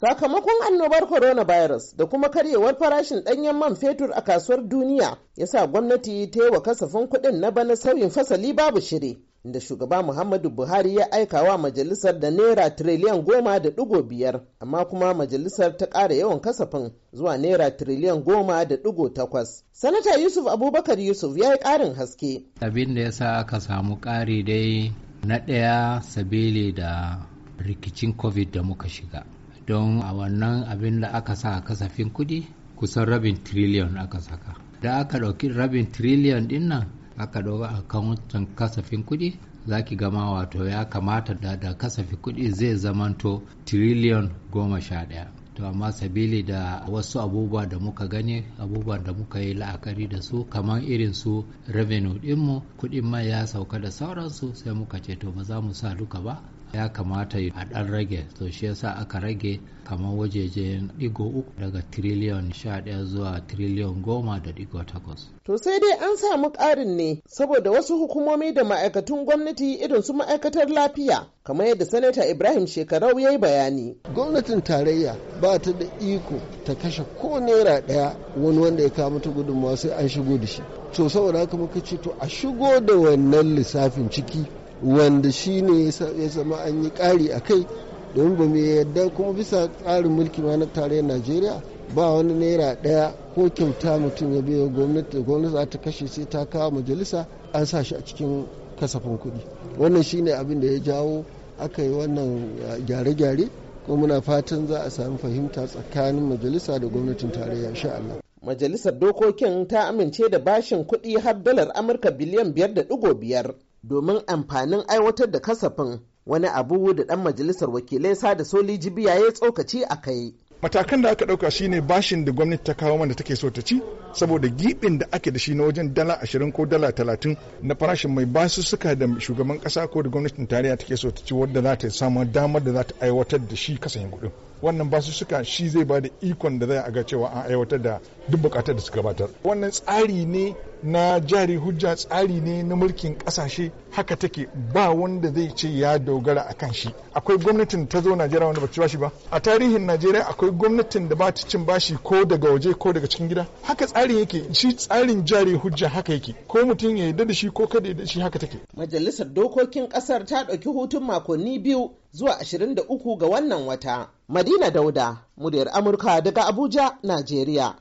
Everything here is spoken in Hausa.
Sakamakon annobar coronavirus da kuma karyewar farashin ɗanyen man fetur a kasuwar duniya ya sa gwamnati ta yi wa kasafin kuɗin na bana sauyin fasali babu shiri. Inda shugaba Muhammadu Buhari ya aika wa majalisar da naira tiriliyan goma da digo biyar, amma kuma majalisar ta ƙara yawan kasafin zuwa naira tiriliyan goma da digo takwas. Sanata Yusuf Abubakar Yusuf ya yi ƙarin haske. Abin da ya sa aka samu ƙari dai na ɗaya sabili da rikicin COVID da muka shiga. don a wannan abin da aka sa a kasafin kuɗi kusan rabin trillion aka saka da aka ɗauki rabin trillion din nan aka ɗauka a kasafin kuɗi za ki gama wato ya kamata da da kasafi kuɗi zai zamanto trillion goma sha ɗaya to amma sabili da wasu abubuwa da muka gani abubuwan da muka yi la'akari da su kamar irin su revenue dinmu kuɗin mai ya sauka da sauransu sai muka ce to ba za mu sa duka ba ya kamata a ɗan rage to shi yasa aka rage kamar wajejen digo uku daga tiriliyon sha ɗaya zuwa tiriliyon goma da digo takwas. To sai dai an samu ƙarin ne saboda wasu hukumomi da ma'aikatun gwamnati irin su ma'aikatar lafiya kamar yadda sanata Ibrahim Shekarau ya yi bayani. Gwamnatin tarayya ba ta da iko ta kashe ko naira ɗaya wani wanda ya kawo mata gudunmawa sai an shigo da shi. To saboda haka muka ce to a shigo da wannan lissafin ciki wanda shi ne ya zama an yi ƙari a kai domin ba mai yadda kuma bisa tsarin mulki ma na tarayyar najeriya ba wani naira ɗaya ko kyauta mutum ya biya gwamnati da gwamnati za ta kashe sai ta kawo majalisa an sa shi a cikin kasafin kuɗi wannan shi ne abin da ya jawo aka yi wannan uh, gyare-gyare ko muna fatan za a sami fahimta tsakanin majalisa da gwamnatin tarayya insha Allah. Majalisar dokokin ta amince da bashin kuɗi har dalar Amurka biliyan biyar da ɗigo biyar domin amfanin aiwatar da kasafin wani abu da dan majalisar wakilai sada soli jibiya ya tsokaci a kai. matakan da aka ɗauka shine bashin da gwamnati ta kawo mana take so ta ci saboda giɓin da ake da shi na wajen dala ashirin ko dala talatin na farashin mai basu suka da shugaban kasa ko da gwamnatin tarayya take so ta ci wadda za ta samu damar da za ta aiwatar da shi kasan kuɗin wannan basu suka shi zai ba da ikon da zai a ga cewa an aiwatar da duk bukatar da suka batar wannan tsari ne na jari hujja tsari ne na mulkin kasashe haka take ba wanda zai ce ya dogara a kan shi akwai gwamnatin ta zo najeriya wanda ba ci bashi ba a tarihin najeriya akwai gwamnatin da ba ta cin bashi ko daga waje ko daga cikin gida haka tsarin yake shi tsarin jari hujja haka yake ko mutum ya yarda da shi ko kada da shi haka take majalisar dokokin kasar ta ɗauki hutun makonni biyu zuwa ashirin da uku ga wannan wata madina dauda muryar amurka daga abuja najeriya